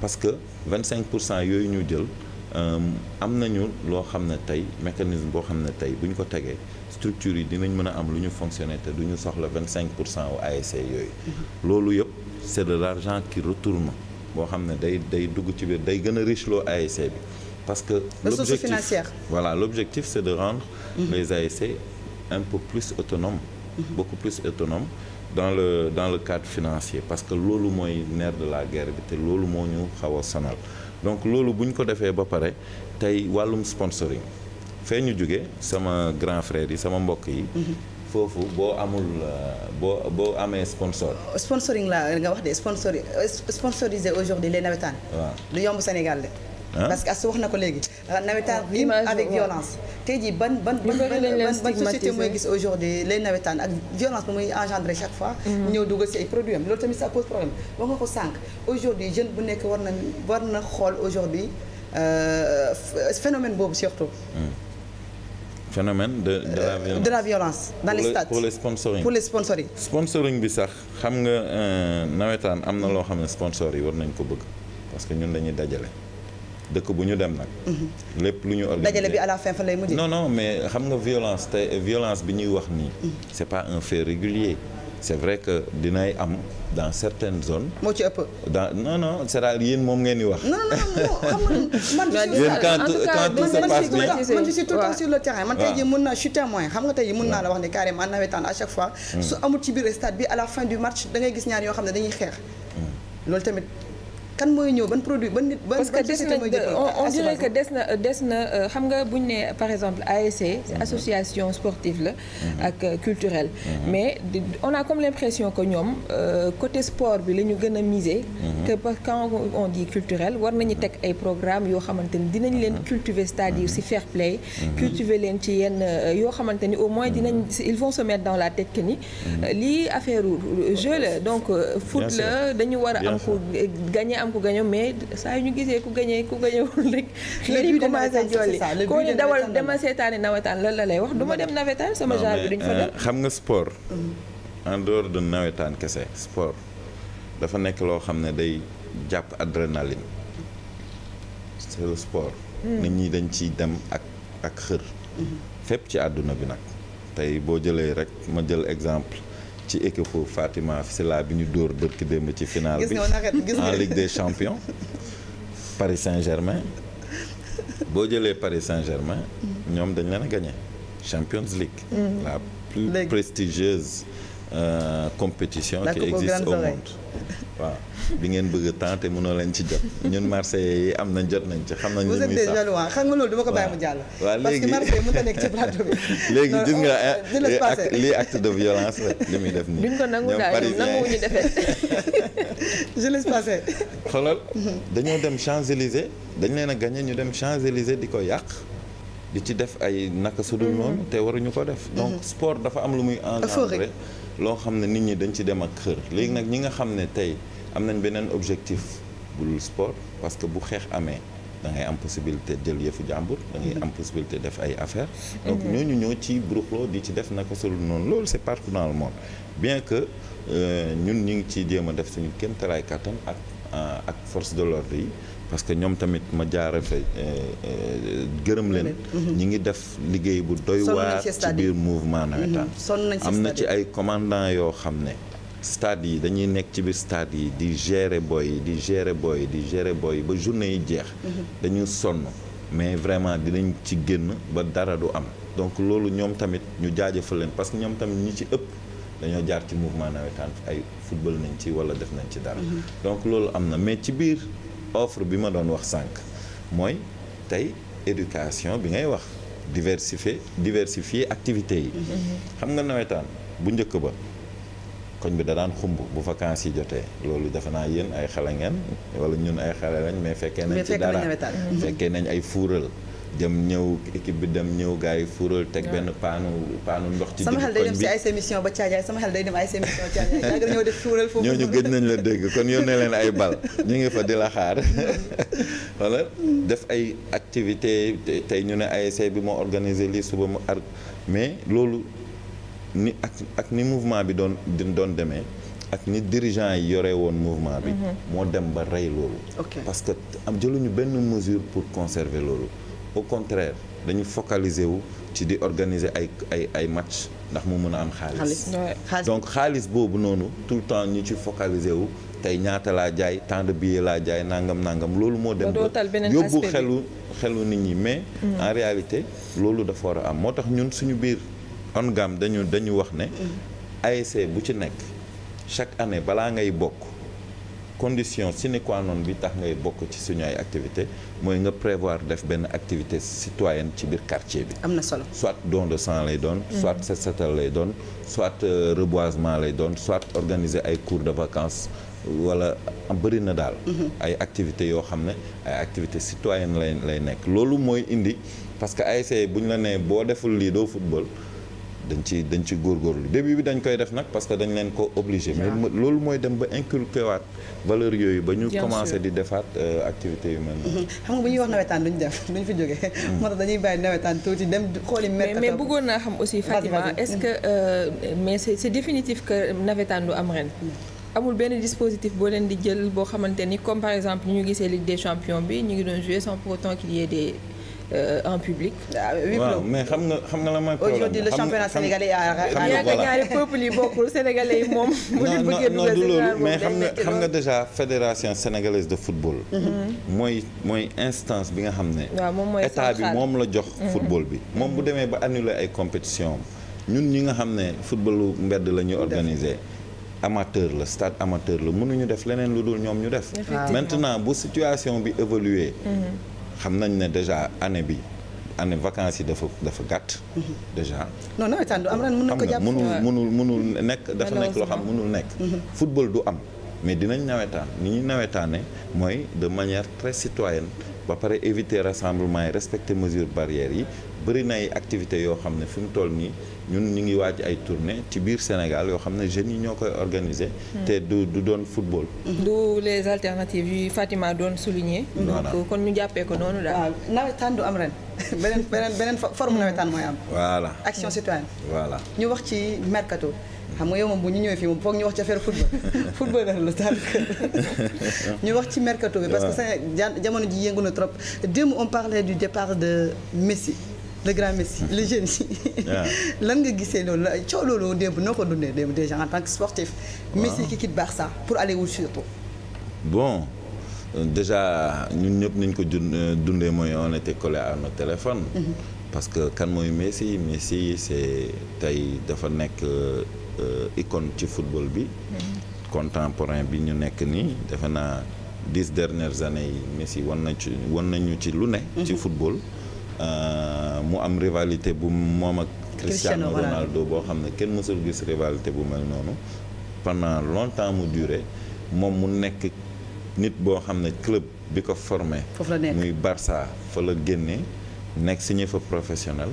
parce que 25 pour cent yooyu ñu jël euh, am nañu loo xam ne tey mécanisme boo xam ne tey bu ñu ko tegee structure yi dinañ mën a am lu ñu fonctionner te du ñu soxla 25 pour cent wu ASC yooyu mm-hmm. loolu yëpp c'est de l'argent qui retourne boo xam ne day day dugg ci biir day gën a riche loo ASC bi parce que l'objectif voilà l'objectif c'est de rendre mm-hmm. les ASC un peu plus autonomes mm-hmm. beaucoup dans le dans le cadre financier parce que loolu mooy nerf de la guerre bi te loolu moo ñu xaw a sonal donc loolu bu ñu ko defee ba pare tey wàllum sponsoring fee ñu jóge sama grand frère yi sama mbokk yi. Mhm. foofu boo amul euh, boo boo amee sponsor. sponsoring la nga wax de sponsori euh, sponsorisé aujourd'hui les nawetaan. waaw du yomb Sénégal parce que Astou wax na ko léegi euh, nawetaan ah, rime avec violence tey jii ban ban ban société mooy gis aujourd'hui les nawetaan ak violence ba muy engendrer chaque fois mhm. ñëw dugal si ay produit am loolu tamit ça pose ko sànq aujourd'hui jeune bu nekk war na war na xool aujourd'hui euh, phénomène boobu hmm. phénomène de de euh, de la violence dans les stades pour le sponsoring pour le sponsoring. sponsoring bi sax xam nga nawetaan am na loo xam ne sponsor yi war nañ ko bëgg parce que ñun dañuy dajale. dëkk bu ñu dem nag. Mhm. lépp lu ñu organisé dajale bi à la fin fa lay mujj. non non mais xam nga violence te violence bi ñuy wax nii. Mhm. c' pas un fait régulier. c' est vrai que dinay am dans certaines zones. moo ci ëpp. dans non non c' est moom ngeen di wax. non non non man. yéen tey jii mën naa je suis témoin xam nga tey jii mën naa la wax ne carrément nawetaan à chaque fois. Mm. su amul ci biir stade bi à la fin du match da gis ñaar yoo xam ne dañuy xeex. Mm. loolu tamit. kan mooy ñëw ban produit ban nit ban société mooy jël on dirait que des na des na euh, xam nga buñ ne par exemple ASC mhm. association sportive la mhm. ak euh, culturelle mhm. mais on a comme l'impression ko ñoom euh, côté sport bi la ñu gën a miser que quand on dit culturel war nañu teg ay programme yoo xamante ni dinañ leen cultiver cest à si fair play cultiver leen ci yenn yoo xamante ni au moins dinañ ils vont se mettre dans la tête que ni lii affaire jeu la donc foot la dañu war a am ko gagner am ku gaño mais saa yu ñu gisee ku gañee ku gañewul rek la ñuy commencé jolli koo ni dawal dama seetaani nawetaan loolu la lay wax du ma dem nawetaan sama genre bi duñ fa dem euh, xam nga sport mm. en dehors de nawetaan kese sport dafa nekk loo xam ne day jàpp adrénaline c'est le mm. nit ñi dañ ciy dem ak ak xër mm-hmm. fépp ci àdduna bi nag tey boo jëlee rek ma jël exemple ci équipe Fatima Sylla bi ñu dóor bërki démb ci finale bi en Ligue des Champions Paris Saint-Germain boo jëlee Paris Saint-Germain ñoom dañ leen a gagné Champions League mm-hmm. la plus prestigieuse Euh, compétition qui existe au monde waaw bi ngeen bëgg a temps te mënoo leen ci jot ñun Marseille yi am nañ jot nañ ci xam nañ ni muy xam nga loolu dama ko bàyyi jàll waaw léegi parce que Marseille euh, lii acte li muy def nii duñ ko nangu daal nangu ñu mhm. dañoo dem champs dañ leen a gagné ñu dem changéliser di ko yàq di ci def ay naka sudul mhm. noonu te waruñu ko def donc mhm. sport dafa am lu muy engendré loo xam ne nit ñi dañ ci dem ak xër léegi nag ñi nga xam ne tey am nañ beneen objectif bu sport parce que bu xeex amee da ngay am possibilité jël yëfu jàmbur da ngay am possibilité def ay affaire donc mm-hmm. ñooñu ñoo ci buruxloo di ci def naka solu noonu loolu c'est partout dans le bien que euh, ñun ñu ngi ciy jéem a def suñu ay kattan ak euh, ak force de l'ordre yi parce que ñoom tamit ma jaare fa eh, eh, gërëm leen ñi ngi def liggéey bu doy waar ci biir mouvement mhm. nawetaan am na ci ay commandant yoo xam ne stade yi dañuy nekk ci biir stade yi di gere boy yi di gérer boy yi di gérer boy yi ba journée yi jeex mhm. dañu sonn mais vraiment dinañ ci génn ba dara du am donc loolu ñoom tamit ñu jaajëfal leen parce que ñoom tamit ñu ci ëpp dañoo jaar ci mouvement nawetaan ay football nañ ci wala def nañ ci dara mhm. donc loolu am na mais ci biir offre bi ma doon wax sànq mooy tey éducation bi ngay wax diversifier diversifier activité yi. Mm-hmm. xam nga nawetaan bu njëkk ba. koñ bi da daan xumb bu vacances yi jotee loolu defe naa yéen ay xale ngeen wala ñun ay xale lañ mais fekkee nañ ci dara fekkee nañ ay fuural dem ñëw équipe bi dem ñëw gars yi fural teg benn paanu paanu ndox ci sama xel day dem ba caajaay sama xel day dem ay émission ñooñu gëj nañ la dégg kon ne leen ay bal ñu ngi fa di la xaar wala def ay activité tey ñu ne ay ASC bi moo organiser lii suba mu ar mais loolu ni ak ak ni mouvement bi doon doon demee ak ni dirigeant yi yore woon mouvement bi mm-hmm. moo dem ba rey loolu parce que am jëluñu benn mesure pour conserver loolu au contraire dañu focaliser wu ci di organiser ay ay ay match ndax mu mën a am xaalis donc xaalis boobu noonu tout le temps ñu ci focaliser wu tey ñaata laa jaay tant de laa jaay nangam nangam loolu moo dem yóbbu xelu xelu nit ñi mais mm. en réalité loolu dafa war a am moo tax ñun suñu biir ONGAM dañu dañu wax ne mm. ASC bu ci nekk chaque année balaa ngay bokk condition sine qua non bi tax ngay bokk ci suñu ay activité mooy nga prévoir def benn activité citoyenne ci biir quartier bi. am na solo soit don de sang lay doon. Mhm. soit set setal lay doon. soit euh, reboisement lay doon soit organiser ay cours de vacance wala bëri na daal. Mhm. ay activités yoo xam ne ay activités citoyennes lay lay nekk loolu mooy indi parce que ASC e bu ñu la ne boo deful lii doo football. dañ ci dañ ci góorgóorlu début bi dañ koy def nag parce que dañ leen ko obligé mais ah. loolu mooy dem ba inculqué waat valeur yooyu ba ñu commencé di defaat euh, activité yu mel noonu mm-hmm. xam nga bu ñuy wax nawetaan duñ def duñ fi jógee mm. moo tax dañuy bàyyi nawetaan tuuti dem xooli mais mais bëggoon naa xam aussi Fatima est-ce que mm-hmm. euh, mais c'est définitif que nawetaan du am ren mm. amul benn dispositif boo leen di jël boo xamante ni comme par exemple ñu gisee Ligue des champions bi ñu ngi doon jouer sans pour autant qu'il Euh, en public. Ah, waaw mais xam nga xam nga la mooy problème aujourd'hui le mais xam nga xam nga déjà fédération sénégalaise de football. Mhm. mooy mooy instance bi nga xam ne. état bi moom la jox. Mhm. football bi moom bu demee ba annuler ay compétition ñun ñi nga xam ne footballu mbedd la ñu organiser. amateur la stade amateur la mënuñu def leneen lu dul ñoom ñu def. maintenant bu situation bi évoluer mhm. xam nañ ne déjà année bi année vacances yi dafa dafa gàtt. Mm-hmm. déjà. non nawetaan du am ren mën na ko jàpp mënul mënul nekk dafa nekk loo xam mënul nekk. Mm-hmm. football du am mais dinañ nawetaan ni ñuy nawetaane mooy de manière très citoyenne ba pare éviter rassemblement yi respecter mesures barrières yi bëri na activités yoo xam ne fi mu toll nii. ñun ñu ngi waaj ay tournée ci biir Sénégal yoo xam ne jeunes yi ñoo koy organiser. Hmm. te du du doon football. Hmm. du les alternatives yu Fatima doon souligner. donc kon ñu jàppee ko noonu daal. waaw nawetaan du am ren. beneen beneen beneen forme nawetaan mooy am. voilà action citoyenne. voilà ñu wax ci mercato. xam nga yow moom bu ñu ñëwee fii moom foog ñu wax ci affaire football football la la taal ñu wax ci mercato bi. parce que jamono ji yëngu na trop démb on parlait du départ de Messi. le grand messi le jeune si lan nga gisee loolu coow loolu démb noo ko dundee démb déjà en tant que sportif messi ki quitte Barça pour aller où surtout bon déjà ñu ñëpp nañ ko euh, dundee mooy on te collé à nos téléphone mhm. parce que kan mooy Messi Messi c'est tey dafa nekk euh, icône ci football bi mhm. contemporain bi ñu nekk nii defe naa dix dernières années yi Messi na ci wan nañu ci lu ne ci mhm. football Euh, mu am rivalité bu moom ak Cristiano Ronaldo boo xam ne kenn mësul gis rivalité bu mel noonu pendant longtemps mu duré moom mu nekk nit boo xam ne club bi ko formé muy Barça fa la génne nekk signé fa professionnel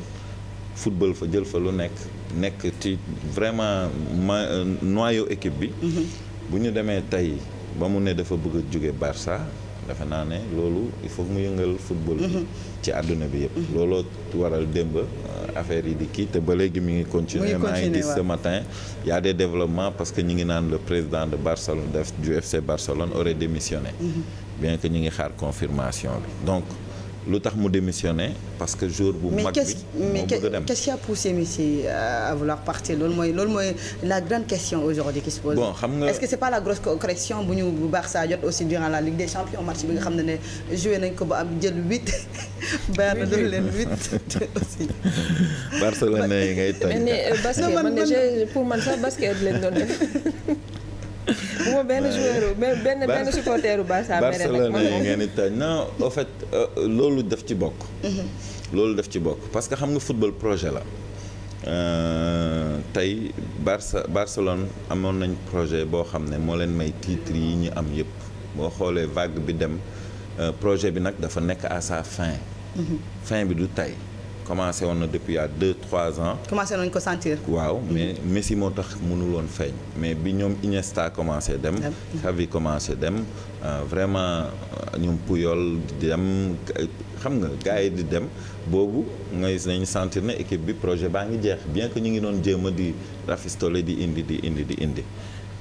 football fa jël fa lu nekk nekk ci vraiment ma euh, noyau équipe bi mm-hmm. bu ñu demee tey ba mu ne dafa bëgg a jóge barsa defe naa ne loolu il faut mu yëngal football bi mhm. ci àdduna bi yëpp mhm. looloo waral démb euh, affaire yi di kii te ba léegi mi ngi continuer maa ngi gis ce matin y a des développements parce que ñu ngi naan le président de Barcelone du FC Barcelone aurait démissionné mhm. bien que ñu ngi xaar confirmation bi donc lu tax mu démissionné parce que jour bu mag bi mais quest a poussé monsieur à vouloir partir loolu mooy loolu mooy la grande question aujourd'hui qui se pose. bon xam nga est-ce que pas la grosse correction bu ñu bu Barça jot aussi durant la Ligue des Champions match bi nga xam ne ne joué nañ ko ba am jël huit Bayern na ngay toj. mais euh, basket man de pour bu ma benn joueur benn benn supporteru Barça. Barcelone yi ngeen di toj non euh, loolu def ci bokk. Mhm. loolu def ci bokk parce que xam nga football projet la euh, tey Barça Barcelone amoon nañ projet boo xam ne moo leen may titre yi ñu am yëpp boo xoolee vague bi dem euh, projet bi nag dafa nekk à sa fin. Mhm. fin bi du tey. commencé woon na depuis il trois ans. commencé nañu ko sentir. waaw mais Messi moo tax mënul woon feeñ. mais bi ñoom Iniesta commencé dem. Xavi commencé dem euh, vraiment euh, ñoom Puyol di dem xam nga gars yi di dem boobu ngay nañu sentir na équipe bi projet baa ngi jeex bien que ñu ngi doon jéem a di rafistole di indi di indi di indi.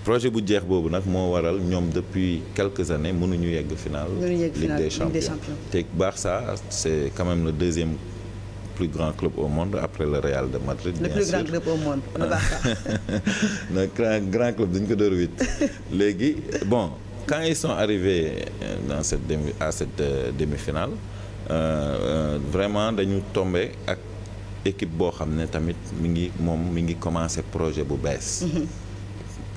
projet bu jeex boobu nag moo waral ñoom depuis quelques années mënuñu yegg finale. Ligue des Champions te Barça c'est quand même le deuxième. plus grand club au monde après le Real de Madrid. bien sûr le plus grand club dañ ko door huit léegi bon quand ils sont arrivés euh, dans cette demi à cette euh, demi-finale euh, vraiment dañu tombe ak équipe boo xam ne tamit mi ngi moom mi ngi commencé projet bu bees. Mhm.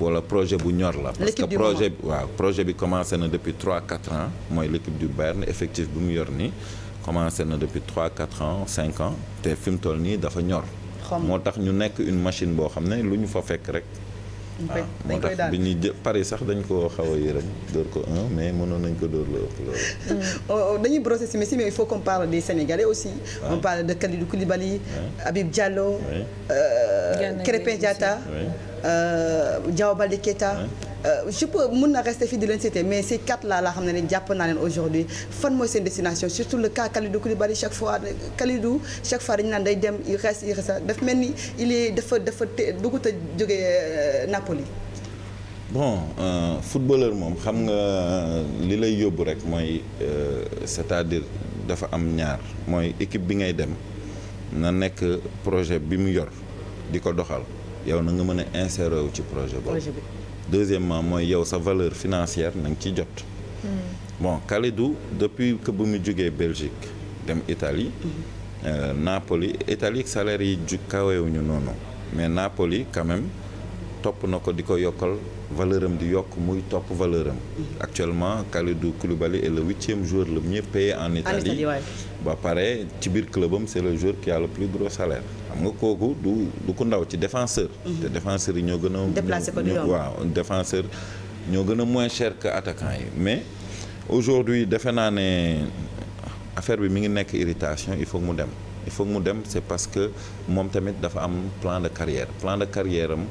wala projet bu ñor la. parce que projet waaw projet bi commencé na depuis 3 4 ans mooy l'équipe du Bayern effectif bu mu yor nii. commencé na depuis 3 4 ans 5 ans te fi mu toll nii dafa ñor. moo tax ñu nekk une machine boo xam ne lu ñu fa fekk rek. waaw ah, moo tax bi ñuy jë pare sax dañ ko xaw a yërëm dóor ko un mais mënoon nañ ko dóor la ëpp loolu. Mm. Oh, oh, dañuy brosser si mais si mais il faut qu'on parle des Sénégalais aussi. Ouais. Ah. on de Kalidou Koulibaly. Ouais. Habib Diallo. Euh, Krépin Diatta. Euh, Diao Baldé Keita Euh, je peux mun na rester fii di leen citer mais ces quatre là laa xam ne ne jàpp naa leen aujourd'hui fan mooy seen destination surtout le cas Kalidou Koulibaly chaque fois Kalidou chaque fois dañu naan day dem il reste il reste daf mel ni il est dafa dafa bëggut a jógee euh, Napoli. bon euh, footballeur moom xam nga euh, li lay yóbbu rek mooy cest à dafa am ñaar mooy équipe bi ngay dem na nekk projet bi mu yor di ko doxal yow na nga mën a insérer wu ci projet boobu. deuxièmement mooy yow sa valeur financière na nga ciy jot. Hmm. bon Kalidou depuis que bu mu jógee Belgique dem Italie. Hmm. Euh, Napoli Italie salaire yi ju kawewuñu noonu mais Napoli quand même topp na ko di ko yokkal valeur am di yokk muy topp valeur am. Hmm. actuellement Kalidou Koulibaly est le huitième joueur le mieux payé en Italie. ba pare ci biir clubam c'est le joueur qui àlla le plus gros salaire xam nga kooku du du ku ndaw ci défenseur mhm. te défenseur yi ñoo gën a déplacé ko waaw défenseur ñoo gën a moins cher que attaquant yi mais aujourd'hui defe naa ne affaire bi mi ngi nekk irritation il faut mu dem il faut mu dem c'est parce que moom tamit dafa am plan de carrière plan de carrière am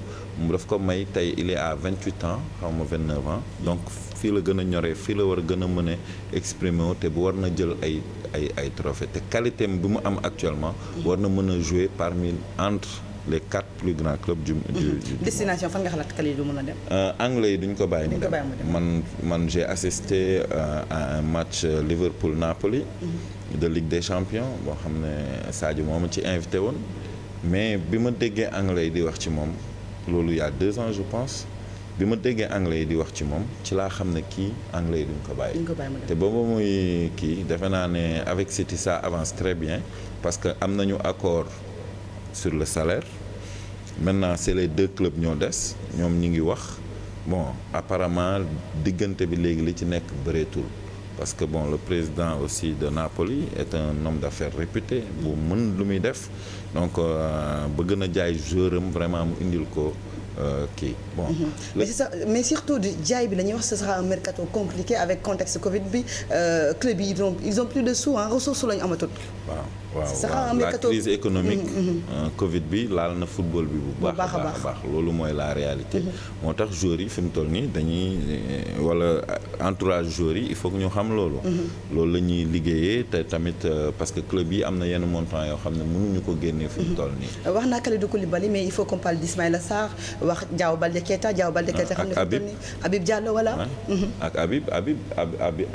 mu daf ko may tey il est vingt 28 ans xaw ma 29 ans donc fii la gën a ñoree fii la war a gën a mën a exprimer wu te bu war na jël ay ay ay trophée te qualité bi mu am actuellement. war na mën a jouer parmi entre les quatre plus grands clubs du. du du destination fan nga xalaat Kalidou mën a dem. Euh, anglais yi duñ ko bàyyi mu dem man man j'ai assisté euh, à un match euh, Liverpool Napoli. Mhm. de Ligue des Champions boo xam ne Sadio moo ma ci invité woon mais bi ma déggee anglais yi di wax ci moom loolu il y ans je pense. bi ma déggee anglais yi di wax ci moom ci laa xam ne kii anglais yi duñ ko bàyyi te booba muy kii defe naa ne avec City ça avance très bien parce que am nañu accord sur le salaire maintenant c'est les deux clubs ñoo des ñoom ñu ngi wax bon apparemment diggante bi léegi li ci nekk bëreetul parce que bon le président aussi de Napoli est un homme d'affaires réputé bu mën lu muy def donc euh, bëgg na jaay joueuram vraiment mu indil ko Euh, kii bon. Mhm. mais c'est ça mais surtout jaay bi la ñuy wax ce sera un mercato compliqué avec contexte Covid bi euh, club yi ils ont ils ont plus de sous en ressources la ñu amatul. waaw waaw la crise économique mm, mm, mm. Euh, Covid bi laal na football bi bu baax a baax loolu mooy la réalité mm-hmm. moo tax joueurs yi fi mu toll nii dañuy euh, wala euh, entourage joueurs yi il faut que ñu xam loolu mm-hmm. loolu la ñuy liggéeyee te tamit parce que club yi am na yenn montant yoo xam ne mënuñu ko génnee fi mu mm-hmm. toll nii wax naa Kalidou Koulibaly mais il faut qu'on parle d'Ismaïla Sarr wax Diao Baldé Keita Diao Baldé Keita xam ne fi mu toll ah, nii Habib Diallo voilà ak Habib Habib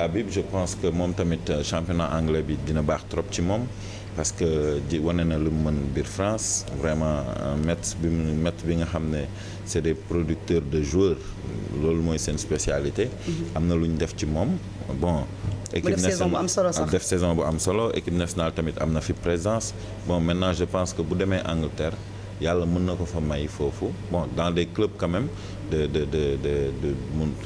Habib je pense que moom tamit championnat anglais bi dina baax trop ci moom parce que ji wane na lu mu mën biir France vraiment euh, Metz bi mu Metz bi nga xam ne c'est des producteurs de joueurs loolu mooy seen spécialité. Mhm. am na lu ñu def ci moom bon. équipe nationale def saison bu am solo équipe nationale tamit am na fi présence bon maintenant je pense que bu demee Angleterre. yàlla mën na ko fa may foofu bon dans des clubs quand de de de de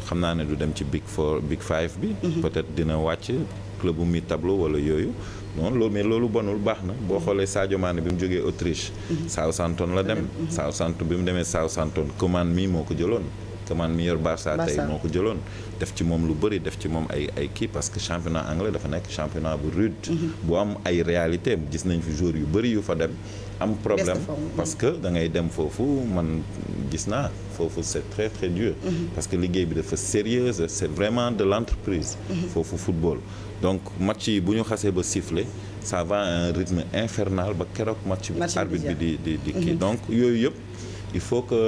xam naa ne du dem ci big four big five bi. Mhm. peut-être dina wàcc club bu mi tableau wala yooyu. non loolu mais loolu bonul baax na boo xoolee Sadio Mané bi mu jógee Autriche. Mhm. Southampton la dem. Mhm. Southampton bi mu demee Southampton commande mi moo ko jëloon. commande mi yor Barça tey moo ko jëloon. def ci moom lu bëri def ci moom ay kii parce que championnat anglais dafa nekk championnat bu rude. bu am ay réalité gis nañ fi joueurs yu bëri yu fa dem. am problème parce que da ngay dem foofu man gis naa foofu c'est très très dur mhm. parce que liggéey bi dafa sérieuse c'est vraiment de l'entreprise mhm. foofu football donc match yi bu ñu xasee ba siffler ça va à un rythme infernal ba keroog match bi arbitre bi di di di kii mhm. donc yooyu yëpp il faut que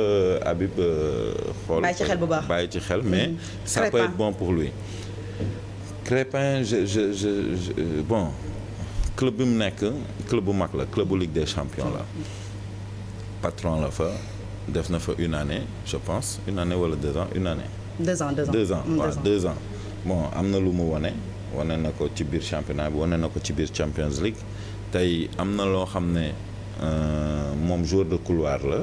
Habib euh, xool bàyyi ci xel bu baax ci xel mais ça peut être bon pour lui Crépin je je je bon club bi mu nekk club bu mag la club bu Ligue des champions la patron la fa def na fa une année je pense une année wala deux ans une année. deux ans deux ans deux ans waaw deux, deux ans bon am na lu mu wane wane na ko ci biir championnat bi wane na ko ci biir Champions League tey am na loo xam ne euh, moom joueur de couloir la.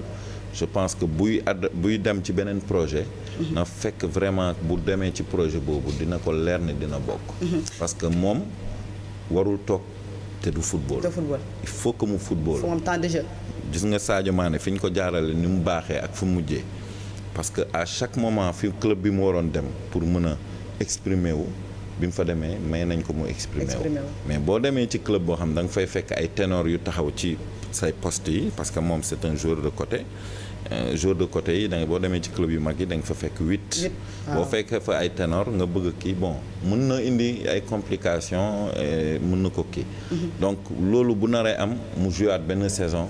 je pense que buy add buy dem ci beneen projet. Mhm. na fekk vraiment bu demee ci projet boobu dina ko leer ne dina bokk. Mhm. parce que moom warul toog. te du football. te football il faut que mu football. fu mu am temps de gis nga Sadio fi ñu ko jaarale ni mu baaxee ak fu mu mujjee parce que à chaque moment fi club bi mu waroon dem pour mën a exprimer wu bi mu fa demee may nañ ko mu exprimer wu. mais boo demee ci club boo xam da nga fay fekk ay ténor yu taxaw ci say poste yi parce que moom c'est un joueur de côté. jour de côté yi da nga boo demee ci club yu mag yi da nga fa fekk huit boo fekkee fa ay ténor nga bëgg kii bon mën na indi ay complications mun na ko kii mhm. donc loolu bu naree am mu jouaat benn saison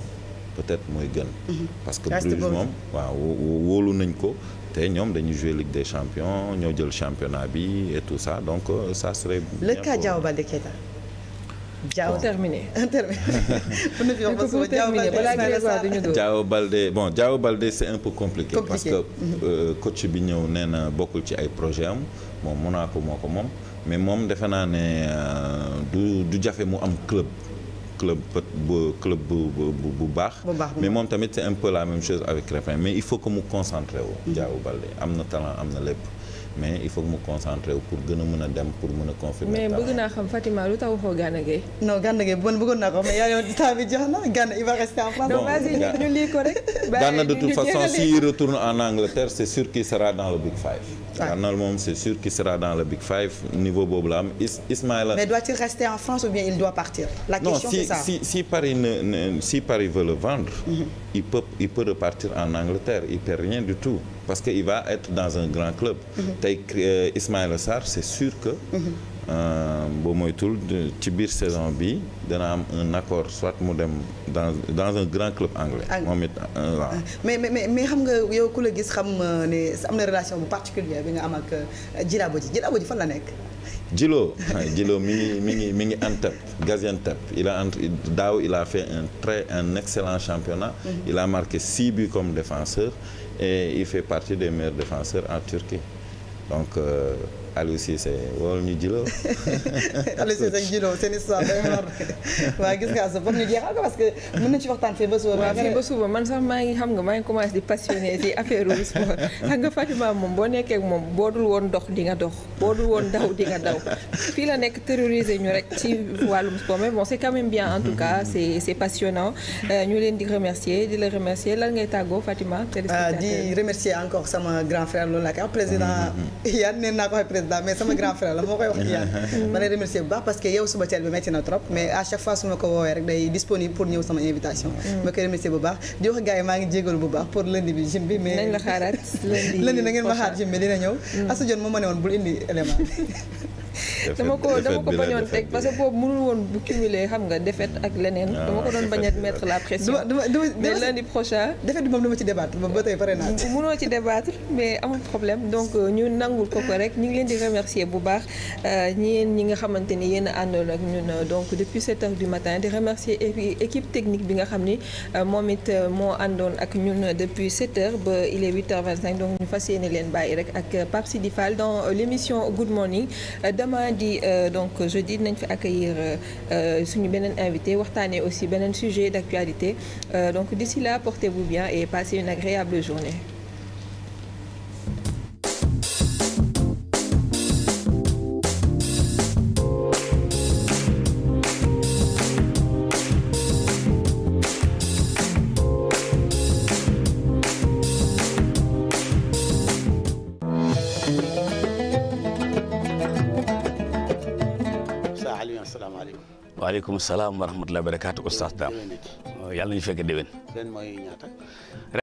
peut-être mooy gën mhm. parce que Bruges moom waaw wóolu nañ ko te ñoom dañuy jouer Ligue des champions ñoo jël championnat bi et tout ça donc euh, ça serait le cas Diao Baldé Keita Diao terminé terminé. Diao Baldé bon Diao Baldé c'est un peu compliqué. compliqué. parce que mhm. euh, coach bi ñëw nee na bokkul ci ay projet am moom Monaco moo ko moom mais moom defe naa ne euh, du du jafe mu am club. club bu club bu bu bu baax. mais moom tamit c'est un peu la même chose avec Crépin mais il faut que mu concentré wu. Mhm. jaaw Baldé am na talent am na lépp. mais il faut que mu concentré pour gën a mën a dem pour mën a confirmer. mais bëgg naa xam Fatima lu tax waxoo Gana Gueye. non Gana Gueye bon bëggoon naa ko mais yow temps bi na Gana il va rester en France. donc vas-y ñu lii ko rek. retourne en Angleterre c'est sûr qu'il sera dans le Big Five. Gana moom c'est sûr qu'il sera dans le Big Five niveau boobu la am Is Ismaïla. mais doit-il rester en France ou bien il doit partir. la question c'est si si si Paris ne si Paris veut le vendre. Mm-hmm. il peut il peut repartir parce que il va être dans un grand club. Mhm. tey euh, Ismaïla Sarr c'est sûr que. Mhm. Euh, boo moytul ci biir saison bi dana am un accord soit mu dem dans dans un grand club anglais. Euh, ah, mais mais xam nga yow ku gis xam ne am na relation bu particulière bi nga am ak Djilabo Dji fan la nekk. Djilo ah, Djilo mi ngi mi ngi mi ngi Antep Gaziantep il a entre daaw il a fait un excellent championnat. Mhm. il a marqué six buts comme défenseur. et il fait partie des meilleurs défenseurs en Turquie donc. Euh, Aliou Cissé wóor ñu jilo Aliou Cissé ak jilo seen histoire day war waaye gis nga sa foog ñu jeexal ko parce que mën na ci waxtaan fii ba suba. waaw fii man sax maa ngi xam nga maa ngi commencé di passionné ci affaire ru sport xam nga Fatima moom boo nekkee moom boo dul woon dox di nga dox boo dul woon daw di nga daw fii la nekk terroriser ñu rek ci wàllum sport mais bon c'est quand en tout cas c'est c'est passionnant euh, ñu leen di remercier di la remercier lan ngay tàggoo Fatima. Ah, di remercier encore sama grand frère loolu la président mm-hmm. Yann nee naa ko peut-être ba mais sama grand frère la moo koy wax ci yàlla ma lay remercier bu baax parce que yow suba teel bi métti na trop mais à chaque fois su ma ko woowee rek day disponible pour ñëw sama invitation mm. ma koy remercier bu baax di wax gars yi maa ngi jégalu bu baax pour lundi bi gym bi mais nañ la xaaraat lundi na ma xaar gym bi dina ñëw mm. Assa moom moo ma ne woon bul indi élément dama ko dama ko bañoon teg parce que boobu mënul woon bu cumuler xam nga défaite ak leneen. Ah, dama ko doon bañ a la pression. dama dama mais lundi prochain. défaite bi moom dama ci débattre euh, ko ko rek ñu ngi leen di remercier bu baax ñeen euh, ñi nga xamante ni yéen a ñun euh, donc depuis 7 heures du matin di remercier équipe technique bi nga xam ni moom it moo àndoon ak ñun depuis 7 ba il est 8 heures donc ñu fa yéene leen bàyyi rek ak Pape Sidi Fall dans l'émission Good Morning demain. di euh, donc di dinañ fi accueillir euh, euh, suñu beneen invité waxtaanee aussi beneen sujet d'actualité donc d'ici là portez-vous bien et passez une agréable journée waaleykum salaam wa rahmatulah barakaatu oustaz Dame yàlla nañu fekk déwén. ren mooy ñaata.